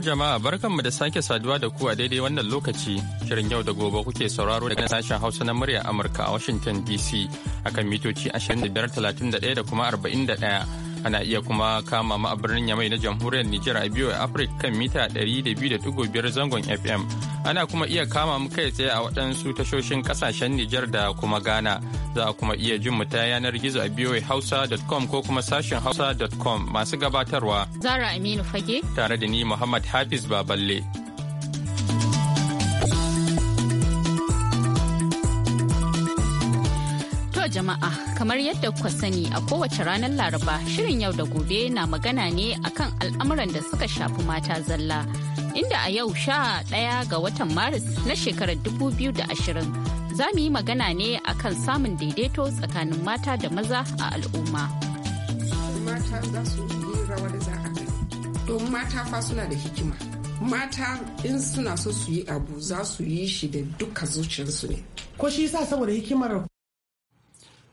jama'a barkanmu da sake saduwa da ku a daidai wannan lokaci shirin yau da gobe kuke sauraro daga sashen hausa na murya amurka a washington dc akan mitoci 2531 da kuma 41 ana iya kuma kama a birnin yamai na jamhuriyar nijar a biyu afirka kan mita 200.5 zangon fm ana kuma iya kama mu kai tsaye a waɗansu tashoshin ƙasashen Nijar da kuma Ghana. Za a kuma iya jin mu ta yanar gizo a voahausa.com ko kuma sashen hausa.com masu gabatarwa. Zara Aminu Fage. Tare da ni Muhammad Hafiz Baballe. jama'a kamar yadda kuka sani a kowace ranar laraba shirin yau da gobe na magana ne akan al'amuran da suka shafi mata zalla. inda a yau sha ɗaya ga watan Maris na shekarar 2020 za mu yi magana ne akan samun daidaito tsakanin mata da maza a al'umma. Mata za su yi rawa da za a domin mata fa suna da hikima. Mata in suna so su yi abu za su yi shi da duka zuciyarsu ne. Ko shi sa saboda hikimar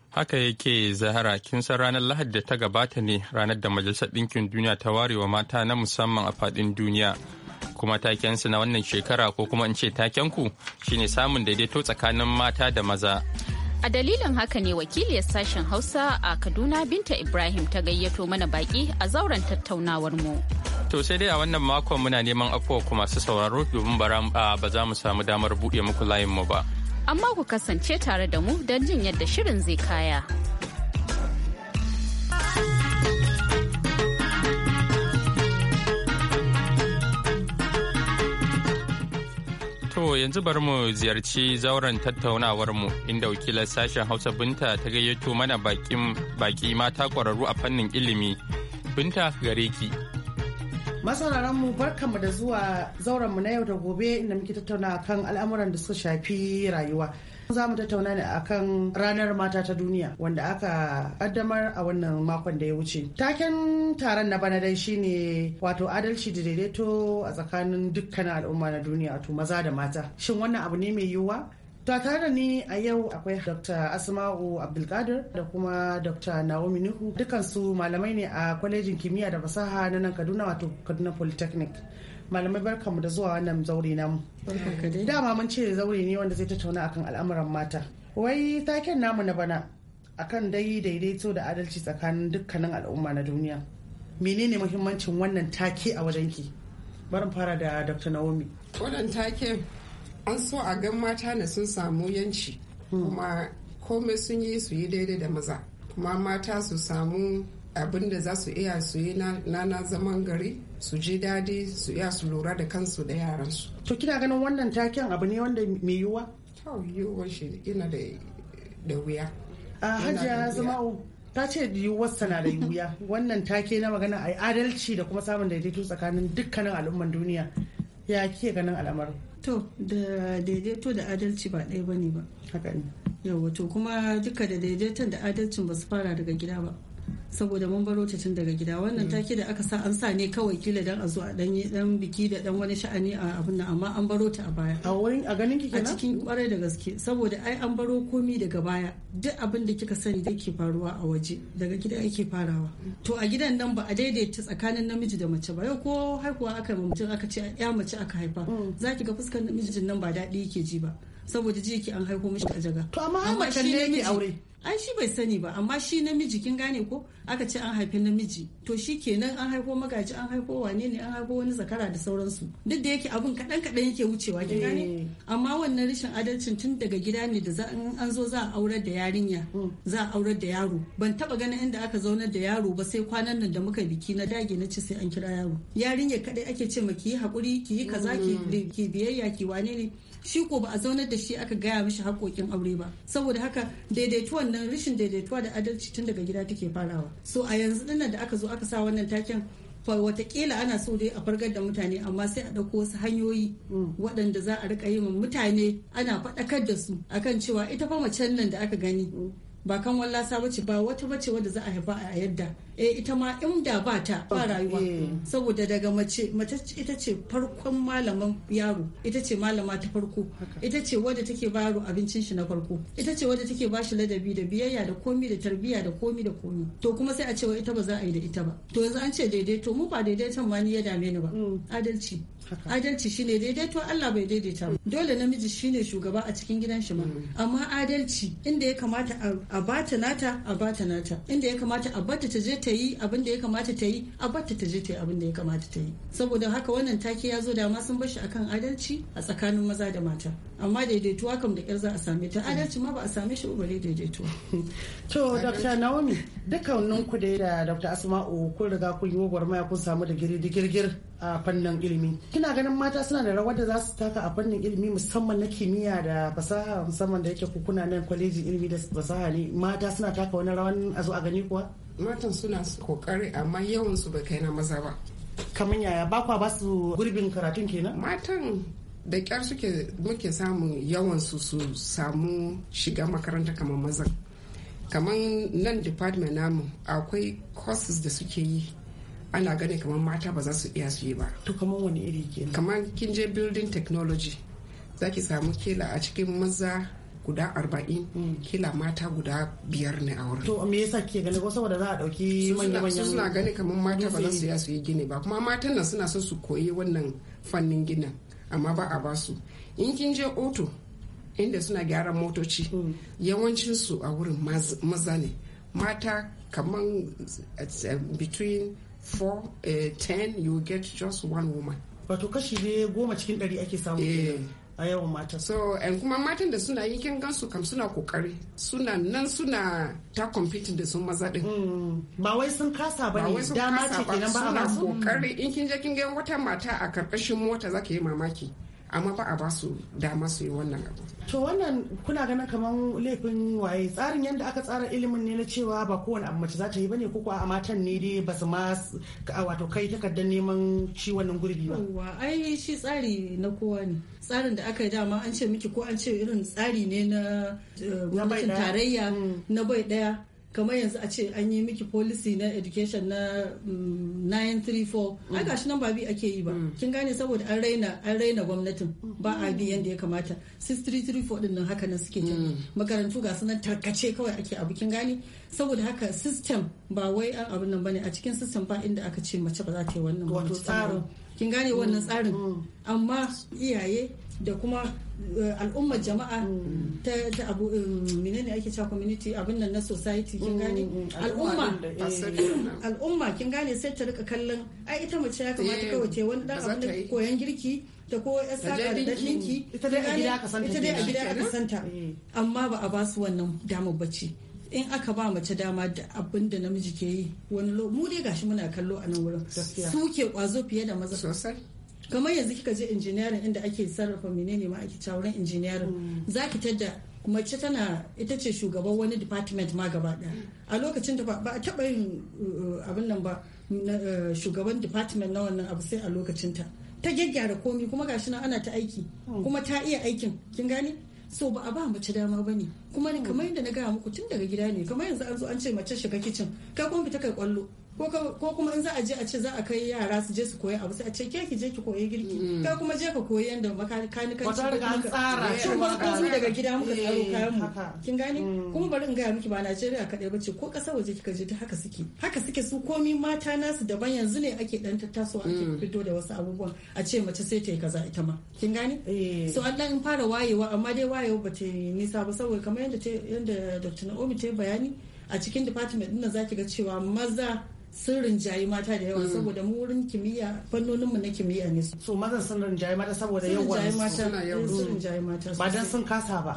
Haka yake Zahara kin san ranar Lahadi da ta gabata ne ranar da Majalisar Ɗinkin Duniya ta warewa mata na musamman a faɗin duniya kuma takensu na wannan shekara ko kuma in ce taken ku shine samun daidaito tsakanin mata da maza. A dalilin haka ne wakiliyar sashen Hausa a Kaduna Binta Ibrahim ta gayyato mana baki a zauren tattaunawar mu. To sai dai a wannan makon muna neman afuwa kuma su sauraro domin ba za mu samu damar buɗe muku layin mu ba. Amma ku kasance tare da mu don jin yadda shirin zai kaya. To yanzu bari mu ziyarci zauren tattaunawarmu inda wakilar sashen Hausa Binta ta gayyato mana baki mata kwararru a fannin ilimi. Binta gare ki. mu barkanmu da zuwa zaurenmu na yau da gobe inda muke tattauna kan al'amuran da suka shafi rayuwa. Za mu tattauna ne kan ranar mata ta duniya wanda aka kaddamar a wannan makon da ya wuce. Taken taron na bana dai shine wato adalci da daidaito a tsakanin dukkanin al'umma na duniya wato maza da mata. Shin wannan abu ne mai yiwuwa? To tare ni a yau akwai Dr. Asma'u Abdulkadir da kuma Dr. Naomi Nuhu dukansu malamai ne a kwalejin kimiyya da fasaha na nan Kaduna wato Kaduna Polytechnic. malamai barkanmu da zuwa wannan zaure namu dama mun ce zaure ne wanda zai tattauna akan al'amuran mata wai taken namu na bana akan dai daidaito da adalci tsakanin dukkanin al'umma na duniya menene muhimmancin wannan take a wajenki barin fara da dr naomi wannan take an so a gan mata na sun samu yanci hmm. kuma komai sun yi su yi daidai da maza kuma mata su samu abinda da za su iya su yi na na zaman gari su ji daɗi su iya su lura da kansu da yaransu. To kina ganin wannan taken abu ne wanda mai yiwuwa? To yiwuwa shi ina da wuya. A hajiya zama'u ta ce yiwuwarsa na da wuya wannan take na magana a adalci da kuma samun daidaito tsakanin dukkanin al'umman duniya ya ke ganin al'amarin. To da daidaito da adalci ba ɗaya bane ba. Haka ne. Yawwa to kuma duka da daidaiton da adalcin ba su fara daga gida ba. saboda mun baro ta tun daga gida wannan mm. take da aka sa an sa ne kawai kila dan a zo a dan dan biki da dan wani sha'ani a abin nan amma an baro ta a baya a wurin a ganin ki kenan a cikin kware da gaske saboda ai an baro komi daga baya duk abin da kika sani da ke faruwa a waje daga gida yake farawa to a gidan nan ba a daidaita tsakanin namiji da mace ba yau ko haihuwa aka yi mutum aka ce ya mace aka haifa mm. za ki ga fuskar namijin nan ba daɗi yake ji ba saboda ji an haihu mishi a jaga to amma an mace ne yake aure an shi bai sani ba amma shi namiji kin gane ko aka ce an haifi namiji to shi kenan an haifo magaji an haifo wane ne an haifo wani zakara da sauransu duk da yake abun kadan kadan yake wucewa kin gane eh. amma wannan rashin adalcin tun daga gida ne da an zo za a aurar da yarinya hmm. za a aurar da yaro ban taba ganin inda aka zaunar da yaro ba sai kwanan nan da muka biki na dage na ce sai an kira yaro yarinya kaɗai ake ce ma ki yi hakuri ki yi kaza hmm. ki biyayya ki wane ne shi ko ba a zaunar da shi aka gaya mishi haƙoƙin aure ba saboda haka daidaituwan nan rashin daidaituwa da adalci tun daga gida take farawa so a yanzu din da aka zo aka sa wannan taken watakila ana so dai a fargar da mutane amma sai a ɗauko wasu hanyoyi waɗanda za a rika yi mutane ana faɗakar da su akan cewa ita fa macen nan da aka gani ba kan wallasa bace ba wata bace wadda za a haifa a yadda eh ita ma da ba ta ba rayuwa saboda daga mace mace ita ce farkon malaman yaro ita ce malama ta farko ita ce wadda take ba yaro abincin shi na farko ita ce wadda take ba shi ladabi da biyayya da komi da tarbiyya da komi da komi to kuma sai a cewa ita ba za a yi da ita ba to yanzu an ce daidaito mu ba daidaiton ma ni ya dame ni ba mm. adalci adalci shine daidaito Allah bai daidaita ba dole namiji shine shugaba a cikin gidan shi ma mm. amma adalci inda ya kamata a bata nata a bata nata inda ya kamata a bata ta je ta yi abin da ya kamata ta yi a bata ta je ta yi abin da ya kamata ta yi saboda haka wannan take ya zo da ma sun bashi akan adalci a tsakanin maza da mata amma daidaituwa kam da kyar za a same ta adalci ma ba a same shi ubare daidaituwa to dr naomi dukkaninku da dr asma'u kun riga kun yi gwagwarmaya kun samu da girgir a fannin ilimi kina ganin mata suna da rawar da za su taka a fannin ilimi musamman na kimiyya da fasaha musamman da yake kuna nan kwalejin ilimi da fasaha ne mata suna taka wani rawan a zo a gani kuwa matan suna kokari amma yawan su bai kai na maza ba kamar yaya ba kwa ba su gurbin karatun kenan matan da kyar suke muke samun yawan su su samu shiga makaranta kamar mazan kaman nan department namu akwai courses da suke yi ana gane kamar mata ba za su iya su yi ba to kamar wani iri kenan kamar kin je building technology zaki samu kila a cikin maza guda arba'in hmm. kila mata guda biyar ne a wurin. To me yasa ke gani ko saboda za a dauki manya Su suna gani kamar mata ba za su iya su yi gini ba kuma matan nan suna son su koyi wannan fannin ginin amma ba a basu. In kin je auto inda suna gyaran motoci hmm. yawancin su a wurin maza ne mata kaman eh, between four uh, eh, ten you get just one woman wato kashi ne goma cikin ɗari ake samu eh. a yawan matan so and kuma matan da suna yi kin su kam suna kokari suna nan suna ta competing da sun maza din hmm. ba wai sun kasa ba ne dama ce kenan ba a ba kokari in kin je kin ga wata mata a karkashin mota zaka yi mamaki amma ba a ba su dama su yi wannan abu. To wannan kuna ganin kamar laifin waye tsarin yadda aka tsara ilimin ne na cewa ba kowane abu mace za ta yi ba ne kuwa a matan ne dai ba su ma wato kai takardar neman ci wannan gurbi ba. Yawwa ai shi tsari na kowa ne. Tsarin da aka yi dama an ce miki ko an ce irin tsari ne na eh, gwamnatin tarayya mm. na bai daya. kamar yanzu a ce an yi miki policy na education na 934 mm, ai mm. gashi nan ba bi ake yi ba mm. kin gane saboda an raina an raina gwamnatin ba a bi yanda ya kamata 6334 din nan haka nan suke makarantu ga sunan tarkace kawai ake abu kin gane saboda haka system ba wai an abin nan bane a cikin system ba inda aka ce mace ba za ta yi wannan wato tsarin kin gane wannan tsarin amma iyaye da kuma eh, al'ummar jama'a mm. ta abu eh, menene ake cewa community abin nan na society kin mm, gane mm, al'umma eh, al'umma kin gane sai ta rika kallon ai ita mace ya kamata kawai ce wani dan abin da koyan girki ta ko ya saka da dinki ita dai a gida ka santa ita dai a gida ka santa amma ba a ba su wannan damar bacci in aka ba mace dama da abin da namiji ke yi wani mu dai gashi muna kallo a nan wurin su ke kwazo fiye da maza sosai kamar yanzu kika je injiniyarin inda ake sarrafa menene ma ake cawuran injiniyarin mm. za ki tadda mace tana ita ce shugaban wani department ma gaba daya a lokacin da ba a taba yin uh, abin nan ba uh, shugaban department na wannan abu sai a lokacin ta ta gyaggyara komi kuma gashi nan ana ta aiki mm. kuma ta iya aikin kin gani so ba a ba mace dama bane kuma mm. kamar yadda na gaya muku tun daga gida ne kamar yanzu an zo an ce mace shiga kicin kai kuma fita kai kwallo ko kuma in za a je a ce za a kai yara su je su koyi abu sai a ce ke ki je ki koyi girki mm. kai kuma je ka koyi yanda makanikanci ko kuma tsara shin ka zo daga gida muka tsaro eh, kayan mu kin gani mm. kuma bari in gaya miki ba Najeriya kadai bace ko kasar waje kika je ta haka suke haka suke su komi mata nasu daban yanzu ne ake dan tattaso ake mm. fito da wasu abubuwan a ce mace sai ta yi kaza ita ma kin gani eh. so an dan fara wayewa amma dai wayewa bata nisa ba saboda kamar yanda yanda Dr. Naomi ta bayani a cikin department din nan zaki ga cewa maza sun rinjayi mata da yawa mm. saboda mu wurin kimiyya fannonin mu na kimiyya ne so mazan sun rinjayi mata saboda yawa sun rinjayi mata ba dan sun kasa ba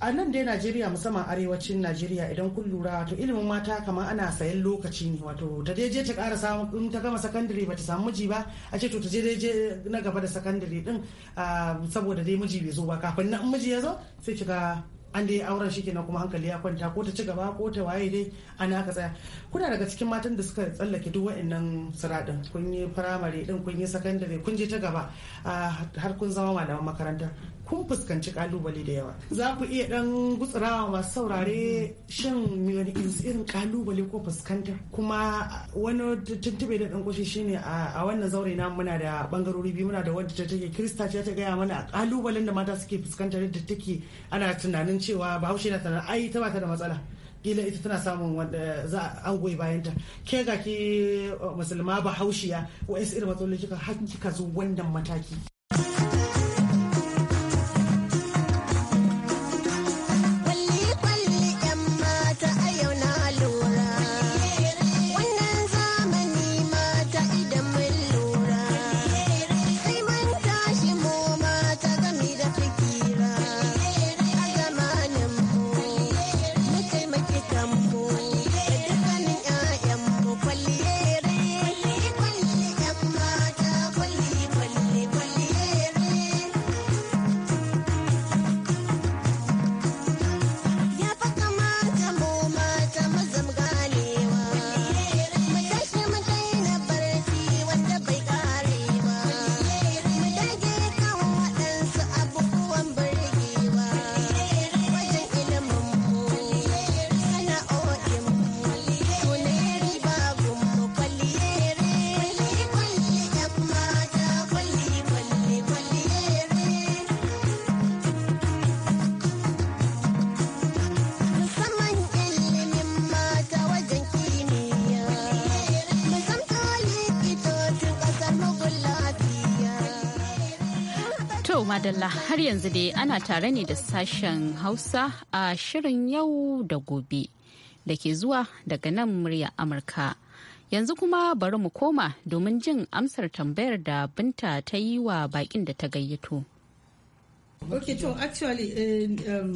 a nan dai Najeriya musamman arewacin Najeriya idan kun lura to ilimin mata kamar ana sayan lokaci ne wato ta dai je ta ƙara samu in ta gama sakandare ba ta samu miji ba a ce to ta je je na gaba da sakandare din ah, saboda dai miji bai zo ba kafin na miji ya zo sai kiga an da dai auren shi kenan kuma hankali ya kwanta ko ta ci gaba ko ta waye dai ana aka tsaya kuna daga cikin matan da suka tsallake duk wa'annan siradin kun yi firamare din kun yi sakandare kun je ta gaba har kun zama malaman makaranta kun fuskanci kalubale da yawa za ku iya dan gutsurawa masu saurare shin irin kalubale ko fuskanta kuma wani tuntube da dan kushi shine a wannan zaure na muna da bangarori biyu muna da wanda ta take krista ce ta gaya mana kalubalen da mata suke fuskanta da take ana tunanin cewa bahaushe na sanar, ai ta bata da matsala kila ita tana samun wanda za an goyi bayan ta ke ga ki uh, musulma bahaushiya ko irin matsaloli kika har kika zo wannan mataki madalla har yanzu dai ana tare ne da sashen hausa a shirin yau da gobe da ke zuwa daga nan murya amurka yanzu kuma bari mu koma domin jin amsar tambayar da binta ta yi wa bakin da ta gayyato ok to actually eh,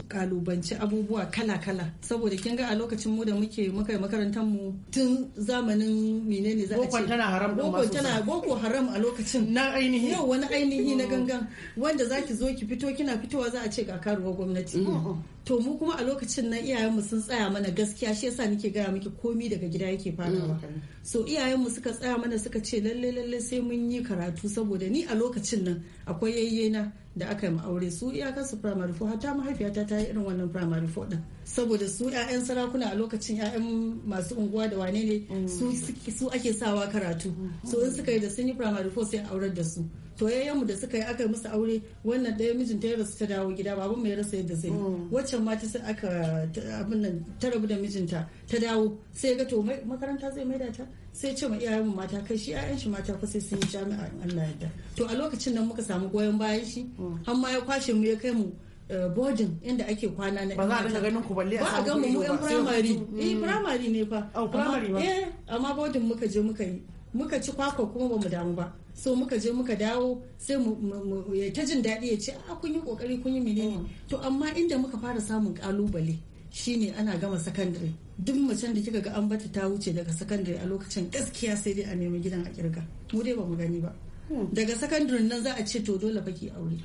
kalubanci abubuwa kala-kala saboda kin ga a lokacin mu da muke muka makarantar mu tun zamanin menene za a ce boko tana haram boko tana boko haram a lokacin na ainihi yau wani ainihi na gangan wanda zaki zo ki fito kina fitowa za a ce ga karuwa gwamnati mm. to mu kuma a lokacin nan iyayenmu sun tsaya mana gaskiya shi yasa nake gaya miki komi daga gida yake farawa mm. so iyayenmu suka tsaya mana suka ce lalle lalle sai mun yi karatu saboda ni a lokacin nan akwai yayyena da aka yi aure su iyakar su primary four hata mahaifiyata ta yi irin wannan primary four din saboda su yayan sarakuna a lokacin yayan masu unguwa da wane ne mm. su ake sawa karatu so in suka yi da sun yi primary four sai aurar da su to yayanmu da suka yi aka musu aure wannan ɗaya mijin ta rasu ta dawo gida baban mai rasa yadda zai mm. waccan ma ta aka abin nan ta rabu da mijinta ta dawo sai ga to makaranta zai maida ta sai ce ma mu mata kai shi iyayen shi mata fa sai sun yi jami'a Allah yadda to a lokacin nan muka samu goyon bayan shi mm. har ma ya kwashe mu ya kai mu eh, bodin inda ake kwana na ba za a dinga ganin ku balle a ga ba a mu yan primary eh mm. primary ne fa oh primary ba eh amma bodin muka je muka yi muka ci kwakwa kuma bamu damu ba so muka je muka dawo sai mu ta jin daɗi ya ce a ah, kun yi ƙoƙari kun yi menene mm. to amma inda muka fara samun ƙalubale shine ana gama sakandare duk macen da kika ga an bata ta wuce daga sakandare a lokacin gaskiya sai dai a nemi gidan a kirga mu dai ba mu gani ba daga sakandare nan za a ce to dole baki aure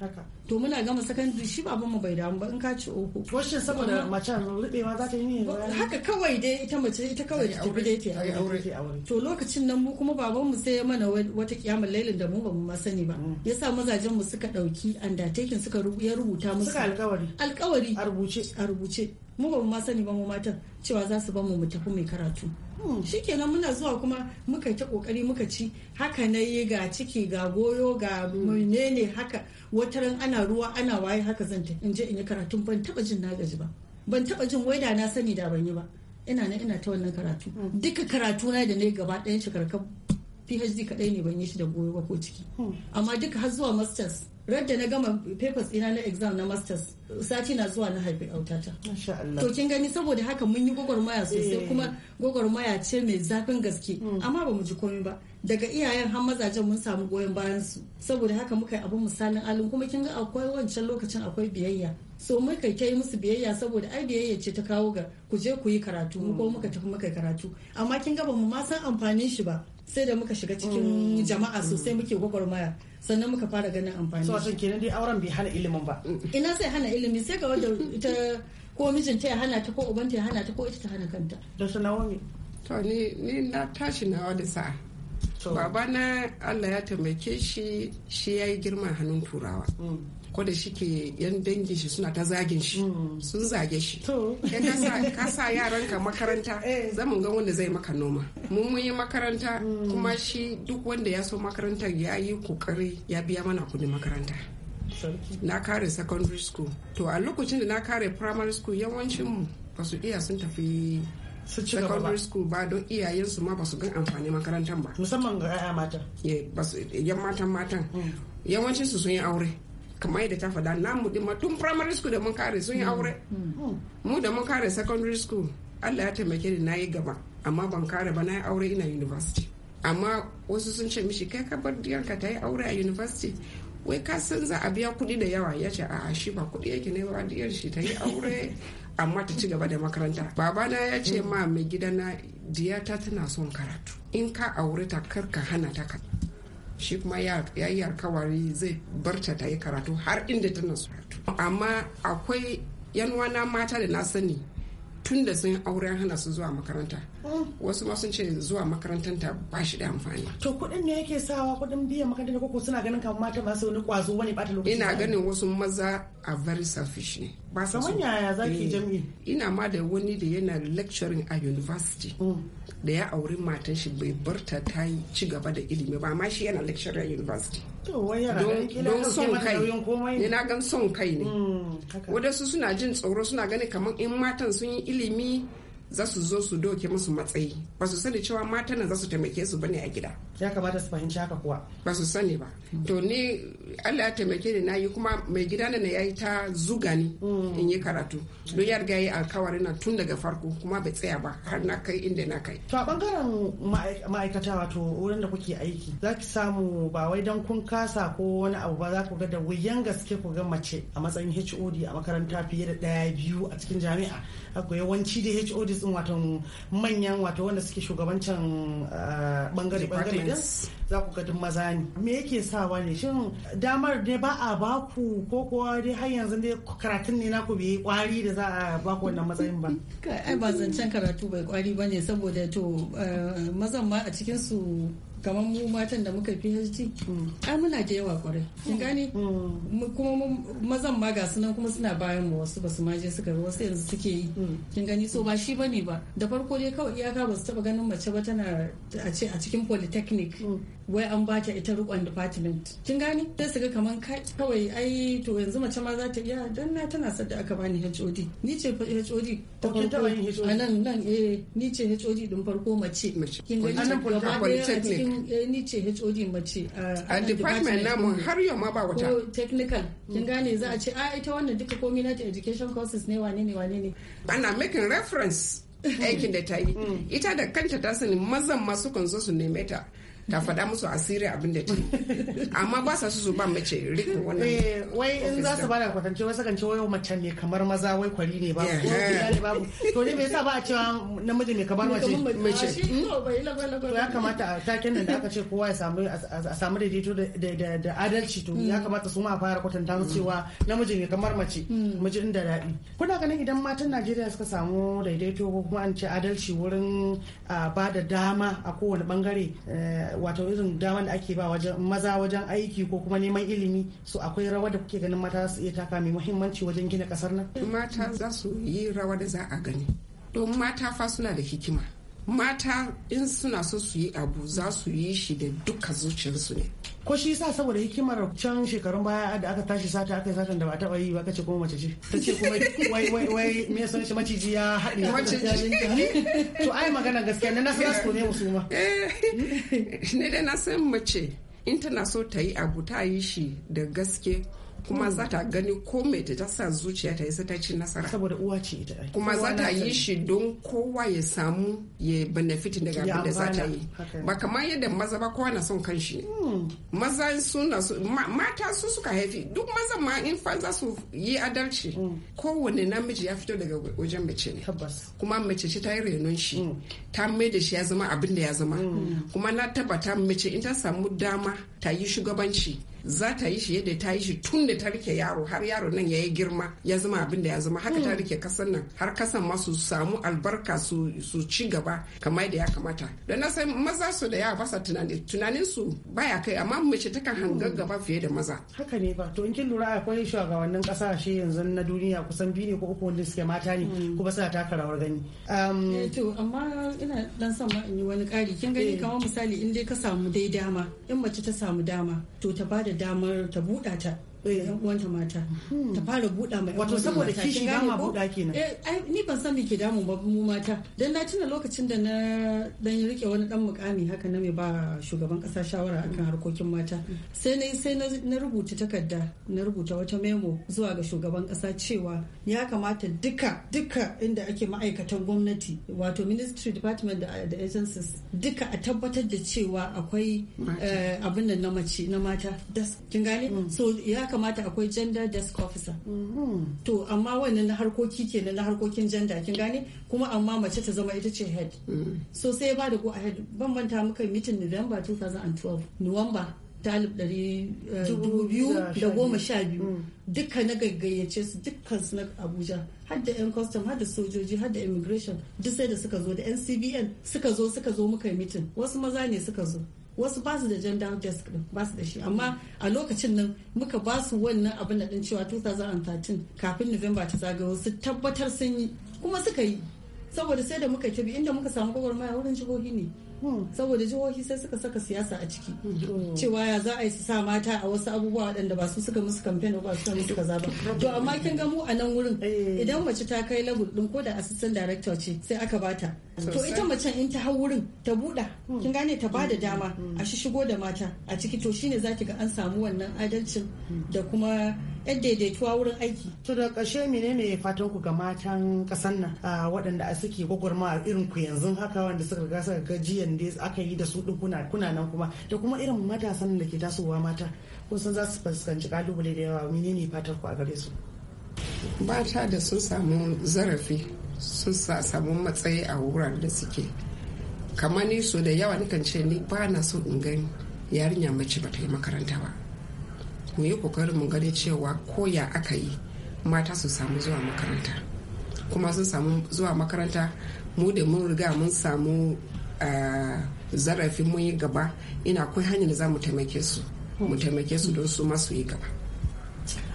to muna gama sakandare shi ba mu bai damu ba in ka ci oho washin saboda mace rubewa za ta yi ne haka kawai dai ita mace ita kawai ta tafi dai ta aure to lokacin nan mu kuma baban mu sai mana wata kiyama lailin da mu ba mu sani ba mm. yasa mazajen mu suka dauki undertaking suka ya rubuta musu suka alkawari alkawari a rubuce a rubuce mu ba mu ma sani ba mu matan cewa za su ba mu tafi mai karatu hmm. shikenan muna zuwa kuma muka ta kokari muka ci haka na yi ga ciki ga goyo ga hmm. menene haka wataran ana ruwa ana waye haka zan ta in je in yi karatu ban taba jin na gaji ba ban taba jin wai da na sani da ban yi ba ina na ina ta wannan karatu hmm. duka karatu na da ne gaba ɗayan shi phd kadai ne ban yi shi da goyo ba ko ciki hmm. amma duka har zuwa masters radda na gama papers ina na exam na masters sati na zuwa na haifi autata to kin gani saboda haka mun yi gwagwarmaya sosai eh. kuma gwagwarmaya ce mai zafin gaske hmm. amma ba mu ji komai ba daga iyayen har mazajen mun samu goyon bayan su saboda haka muka yi abin misalin alin kuma kin ga akwai wancan lokacin akwai biyayya so muka kai musu biyayya saboda ai biyayya ce ta kawo ga ku je ku yi karatu mu ko hmm. muka tafi muka karatu amma kin ga ba mu ma san amfanin shi ba sai da muka shiga cikin mm. jama'a sosai muke mm. gwagwarmaya sannan muka fara ganin amfani so wato kenan dai auren bai hana ilimin ba ina sai hana ilimi sai ga wanda ita ko mijinta ya hana ta ko ubanta ya hana ta ko ita ta hana kanta da su nawomi to ni ni na tashi na wani sa'a babana Allah ya taimake shi shi yayi girma hannun turawa mm. ko da shi ke yan dangin shi suna ta zagin shi mm. sun zage shi ka sa yaran ka makaranta eh. zamu ga wanda zai maka noma mun mun yi makaranta mm. kuma shi duk wanda ya so makarantar ya yi kokari ya biya mana kudin makaranta na kare secondary school to a lokacin da na kare primary school yawancin mu ba su iya sun tafi secondary school ba don iyayensu ma ba su gan amfani makarantar ba musamman ga 'ya'ya matan. yan matan matan mm. yawancin su sun yi aure kamar yadda ta faɗa namu din ma tun primary school da mun kare sun yi aure mu da mun kare secondary school Allah ya taimake ni nayi gaba amma ban kare ba na yi aure ina university amma wasu sun ce mishi kai ka bar diyanka ta yi aure a university wai ka san za a biya kuɗi da yawa ya ce a'a shi ba kuɗi yake ne ba diyar shi ta yi aure amma ta ci gaba da makaranta babana ya ce ma mai gidana diyata tana son karatu in ka aure ta kar ka hana ta shi kuma ya yi zai barta ta yi karatu har inda tana karatu amma akwai yan mata da na sani tun da sun auren hana su zuwa makaranta wasu ma sun ce zuwa makarantar ta ba shi da amfani to kuɗin ne yake sawa kuɗin biyan makarantar ko suna ganin kamar mata masu wani kwazo wani bata lokaci ina ganin wasu maza a very selfish ne ba saman yaya za eh, jam'i ina ma da wani da yana lecturing a university mm. da ya auri matan shi bai barta ta yi ci gaba da ilimi ba ma shi yana lecturing a university don son kai ne na gan son kai ne mm, wadansu suna jin tsoro suna ganin kamar in matan sun yi ilimi za su zo su doke musu matsayi ba su sani cewa mata nan za su taimake su bane a gida ya kamata su fahimci haka kuwa ba su sani ba to ni Allah ya taimake ni nayi kuma mai gida nan ya yi ta zuga ni mm. in yi karatu don ya riga yi alkawarin nan tun daga farko kuma bai tsaya ba har na kai inda na kai to a bangaren ma'aikata wato wurin da kuke aiki za ki samu ba wai don kun kasa ko wani abu ba za ku ga da wuyan gaske ku ga mace a matsayin HOD a makaranta fiye da daya biyu a cikin jami'a ga yawanci da HOD office wato manyan wato wanda suke shugabancin eh, bangare bangare za ku ga maza ne me yake sawa ne shin damar ne ba a baku ko kuwa dai har yanzu dai karatun ne ku bai kwari da za a baku wannan matsayin ba ai ba zancen karatu bai kwari bane saboda to eh, mazan ma a cikin su kamar mu matan da muka PhD ai muna da yawa kwarai kin gane kuma mazan ma ga sunan kuma suna bayan mu wasu basu ma je suka wasu yanzu suke yi kin gani so ba shi bane ba da farko dai kawai iyaka basu taba ganin mace ba tana a ce a cikin polytechnic wai an ba ta ita rikon department kin gani sai su ga kamar kawai ai to yanzu mace ma za ta iya dan na tana sadda aka bani HOD ni ce HOD ta farko a nan nan eh ni ce HOD din farko mace kin gani gaba ɗaya a cikin Eh, ni ce HOD mace a department namu har yau ma ba wata technical kin gane za a ce a ah, ita wannan duka komai na education courses ne wane ne wane ne ana making reference aikin da ta yi mm. ita da kanta ta sani mazan masu kan zo su neme ta ta faɗa musu asiri abin da ta amma ba sa su ba mace rikin wannan eh, wai in za su bada kwatance wasu kan ce wai mace ne kamar maza wai kwari ne ba ko eh, eh. babu to ne me yasa ba a cewa namiji ne kamar mace mace hmm? to ya kamata a taken nan da aka ce kowa ya samu a samu daidaito da adalci to ya kamata su ma a fara kwatanta musu cewa namiji ne kamar mace mace hmm. da daɗi kuna ganin idan matan Najeriya suka samu daidaito ko kuma an ce adalci wurin ah, ba da dama a kowane bangare wato irin daman da ake ba wajen maza wajen aiki ko kuma neman ilimi so akwai rawa da kuke ganin mata su iya taka mai muhimmanci wajen gina kasar nan mata za su yi rawa da za a gani domin mata fa suna da hikima mata in suna so su yi abu za su yi shi da duka zuciyarsu ne ko shi sa saboda hikimar can shekarun baya da aka tashi sata aka yi satan da ba taba yi ba kace kuma mace ce ta ce kuma wai wai wai me san shi maciji ya haɗe maciji to ai magana gaskiya na nasu su ne musu ma eh, ne da na san mace in tana so ta yi abu ta yi shi da gaske kuma za ta gani ko mai ta sa zuciya ta yi sa ta ci nasara saboda uwa ce ita kuma za ta yi shi don kowa ya samu ya benefit daga abin da za ta yi ba kamar yadda maza ba kowa na son kanshi hmm. maza suna mata su suka haifi duk maza ma in fa za su yi adalci hmm. kowane namiji ya fito daga wajen mace ne kuma mace ce ta yi renon shi hmm. ta mai da shi ya zama abin da ya zama kuma na tabbata mace in ta samu dama ta yi shugabanci za ta yi shi yadda ta yi shi tun da ta rike yaro har yaro nan ya yi girma ya zama abin da ya zama haka ta hmm. rike kasan nan har kasan ma su samu albarka su ci gaba kamar da ya kamata don na san maza su da yawa basa tunani tunanin su baya kai amma mace ta kan hmm. hangar gaba fiye da maza haka ne ba to in kin lura akwai shugabannin kasashe yanzu na duniya kusan biyu ne ko uku wanda suke mata ne hmm. kuma suna taka rawar gani um, eh, to amma ina dan son ma in yi wani kari kin gani eh. kamar misali in dai ka samu dai dama in mace ta samu dama to ta bada da damar ta buɗa ta Eh, yan mata hmm. ta fara buɗa mai wato saboda kishi ga buɗa kenan eh ni ban san me ke damu ba mu mata dan na tuna lokacin da na dan rike wani dan mukami haka na mai ba shugaban kasa shawara akan harkokin mata sai na sai na rubuta takarda na rubuta wata memo zuwa ga shugaban kasa cewa ya kamata duka duka inda ake ma'aikatan gwamnati wato ministry department da agencies duka a tabbatar da cewa akwai eh, abin nan na mace na mata kin gane hmm. so ya kamata akwai gender desk officer mm-hmm. to amma wannan na harkoki kenan na harkokin gender kin gane kuma amma mace ta zama ita ce head mm. so sai ba da go ahead ban manta muka mitin November 2012 Nuwamba talib ɗari eh, dubu biyu da goma sha biyu mm. duka na gaggayyace su dukkan su na abuja har yan custom har sojoji har da immigration duk sai da suka zo da yan cbn suka zo suka zo muka yi mitin wasu maza ne suka zo wasu ba su da gender desk din ba su da shi amma a lokacin nan muka ba su wannan abin da din cewa 2013 kafin November ta zagayo su tabbatar sun yi kuma suka yi saboda sai da muka tabi inda muka samu gwagwarmaya wurin jihohi ne saboda jihohi sai suka saka siyasa a ciki mm-hmm. cewa ya za a yi su sa mata a wasu abubuwa waɗanda ba su suka musu kamfen ba su musu kaza ba to amma kin ga mu a nan wurin eh. idan mace ta kai labur din ko da assistant director ce sai aka bata to ita mace in ta hau wurin ta buɗa mm. kin gane ta bada mm-hmm. dama a mm-hmm. shi shigo da mata a ciki to shine zaki ga an samu wannan adalcin mm. da kuma yan daidaituwa wurin aiki. To da ƙarshe ne fatan ku ga matan ƙasar nan a waɗanda a suke gwagwarma irin ku yanzu haka wanda suka gasa suka ga jiyan da aka yi da su ɗin kuna nan kuma da kuma irin matasan da ke tasowa mata kun san za su fuskanci ƙalubale da yawa ne fatan ku a gare su. Mata da sun samu zarafi sun samu matsayi a wuraren da suke kamar ni so da yawa nikan ce ni ba na so in gani yarinya mace ba ta yi makaranta ba mu yi kokarin mu gani cewa koya aka yi mata su samu zuwa makaranta kuma sun samu zuwa makaranta mu da mun riga mun samu eh, zarafin mun yi gaba ina kai hanyar da za mu taimake su mu taimake su don su masu yi gaba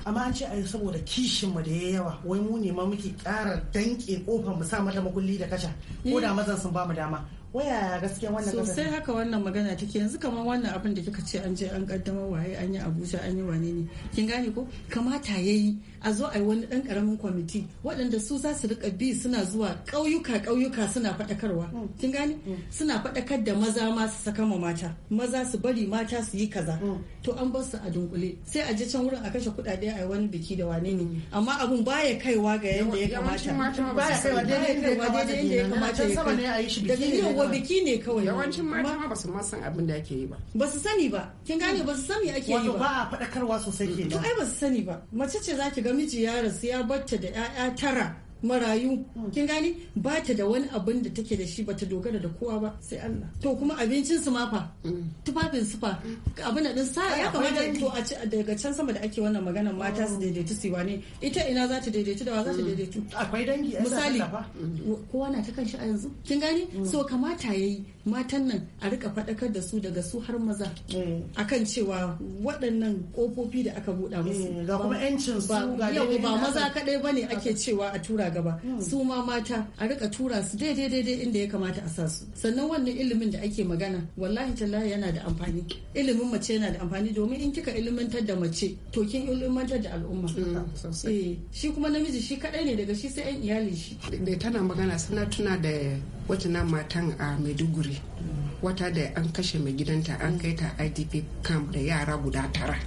amma an ce a yi saboda kishin mu da ya yawa wai mu ne ma muke ƙara danƙe kofar mu sa mata makulli da kaca ko da mazan sun ba mu dama waya gaskiya wannan sosai haka wannan magana take yanzu kamar wannan abin da kika ce an je an kaddamar waye an yi abuja an yi wane ne kin gane ko kamata yayi a zo a yi wani dan karamin kwamiti waɗanda su za su rika bi suna zuwa ƙauyuka ƙauyuka suna faɗakarwa mm. kin gane mm. suna faɗakar da maza ma su saka ma mata maza su bari mata su yi kaza mm. to an bar su a dunkule sai a je can wurin a kashe kuɗaɗe a yi wani biki da wane ne amma abun baya kaiwa ga yadda ya kamata baya kaiwa daidai inda ya kamata ya kai daga biki ne kawai yawancin mata ma su ma san abin da ake yi ba ba su sani ba kin gane hmm. su sani ake yi ba ba a faɗakarwa sosai kenan to ai su sani ba mace ce zaki ga miji ya rasu ya batta da 'ya'ya tara marayu mm. kin gani ba ta da wani abin da take da shi ba ta dogara da kowa ba sai Allah to kuma abincin su ma fa mm. tufafin su fa mm. abin da sa ya kamata to a ci daga can sama da ake wannan magana mata su oh. daidaitu su wane ita ina za ta daidaitu da wa za ta daidaitu akwai dangi misali kowa na ta kan shi a yanzu kin gani so kamata yayi matan nan a rika fadakar da su daga su har maza eh. akan cewa waɗannan kofofi da aka buɗa musu eh, ga kuma 'yancin su ba maza kaɗai bane ake cewa a tura gaba mm. su ma mata a rika tura su daidai daidai inda ya kamata a sa su sannan wannan ilimin da ake magana wallahi tallahi yana da amfani ilimin mace yana da amfani domin in kika ilimantar da mace to kin ilimantar da al'umma mm, eh, shi kuma namiji shi kadai ne daga shi sai yan iyali shi da tana magana suna tuna da wata nan matan a Maiduguri mm. wata da an kashe mai gidanta an kai ta IDP camp da yara guda tara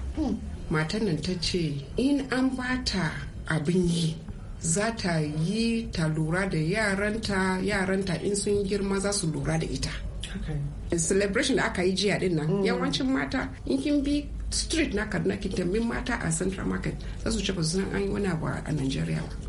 matan nan ta ce in an bata abin yi za ta yi ta lura da yaranta yaranta in sun girma za su lura da ita okay. celebration da aka yi jiya din nan mm. yawancin mata in kin bi street na kaduna kin tambin mata a central market za su ce ba an yi wani abu a nigeria ba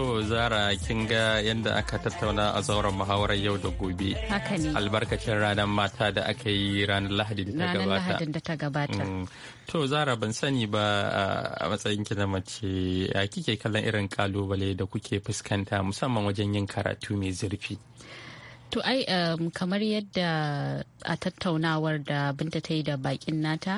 to zara kin ga yadda aka tattauna a zauren muhawarar yau da gobe albarkacin ranar mata da aka yi ranar lahadi da ta gabata mm. to zara ban sani ba a matsayin ki na mace ya kike kallon irin kalubale da kuke fuskanta musamman wajen yin karatu mai zurfi to ai um, kamar yadda a tattaunawar da binta ta yi da bakin nata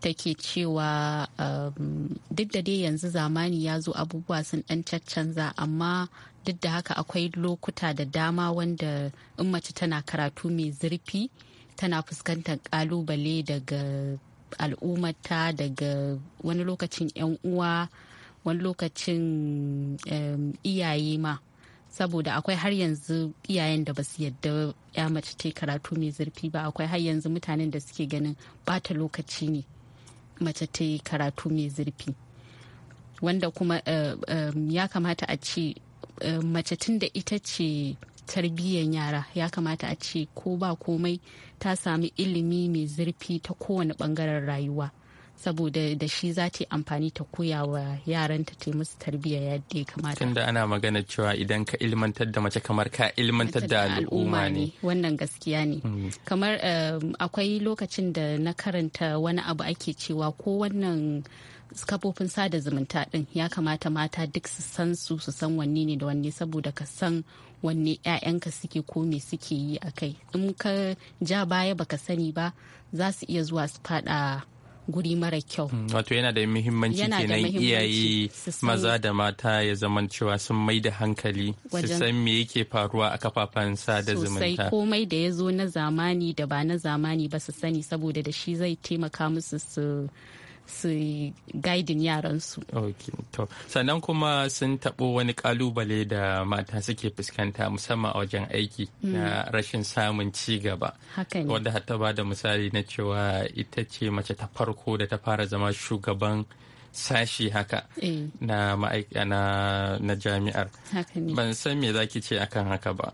take cewa um, duk da dai yanzu zamani ya zo abubuwa sun dan caccanza amma duk da haka akwai lokuta da dama wanda in mace tana karatu mai zurfi tana fuskantar kalubale daga al'ummata daga wani lokacin 'yan uwa wani lokacin um, iyaye ma saboda akwai har yanzu iyayen da basu yadda ya mace ta karatu mai zurfi ba akwai har yanzu mutanen da suke ganin bata lokaci ne mace ta yi karatu mai zurfi wanda kuma eh, eh, ya kamata a ce eh, mace tun da ita ce tarbiyyar yara ya kamata a ce ko ba komai ta sami ilimi mai zurfi ta kowane bangaren rayuwa saboda da shi za ta yi amfani ta koyawa wa yaranta ta musu tarbiyya yadda ya kamata. Tunda ana magana cewa idan ka ilmantar da mace kamar ka ilmantar da al'umma ne. Wannan gaskiya ne. Mm. Kamar um, akwai lokacin da na karanta wani abu ake cewa ko wannan kafofin sada zumunta din ya kamata mata duk su san su su san wanne ne da wanne saboda ka san wanne 'ya'yanka suke ko me suke yi a kai in ka ja baya baka sani ba za su iya zuwa su fada guri mara kyau. Hmm, wato yana da muhimmanci kenan iyaye maza da mata ya zaman cewa sun mai da hankali su san me yake faruwa a kafafen sada zumunta. Sosai komai da ya zo na zamani da ba na zamani ba su sani saboda da shi zai taimaka musu su su gaidin yaransu. Okay. Sannan kuma sun taɓo wani kalubale da mata suke fuskanta musamman a wajen aiki hmm. na rashin samun ci gaba. Wanda hatta ba da misali na cewa ita ce mace ta farko da ta fara zama shugaban sashi haka eh. na ma'aikana na jami'ar. Ban san me zaki ce akan haka ba.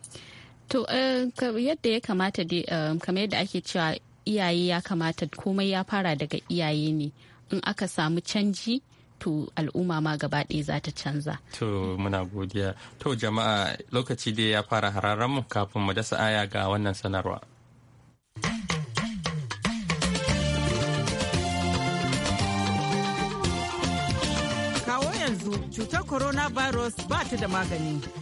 To eh, yadda ya kamata eh, kamar yadda ake cewa iyaye ya kamata komai ya fara daga iyaye ne. in aka samu canji to al'umma ma gaba ɗaya za ta canza. To muna godiya. To jama'a lokaci dai ya fara hararren mu kafin mu dasa aya ga wannan sanarwa. Kawo yanzu cutar coronavirus ba ta da magani.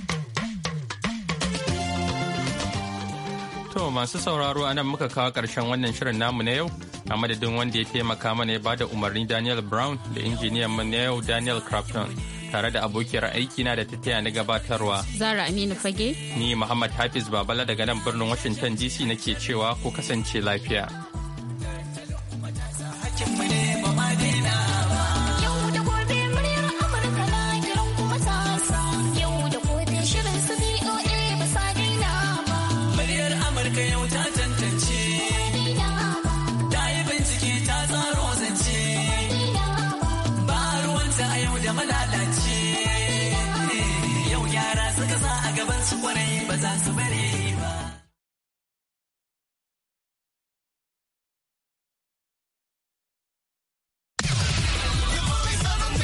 To masu sauraro anan muka kawo ƙarshen wannan shirin namu na yau a madadin wanda ya taimaka mana ya ba da umarni Daniel Brown da injiniyan mu na yau Daniel Crafton tare da abokiyar aiki na da ta taya na gabatarwa. Zara Aminu Fage. Ni Muhammad Hafiz Babala daga nan birnin Washington DC nake cewa ko kasance lafiya.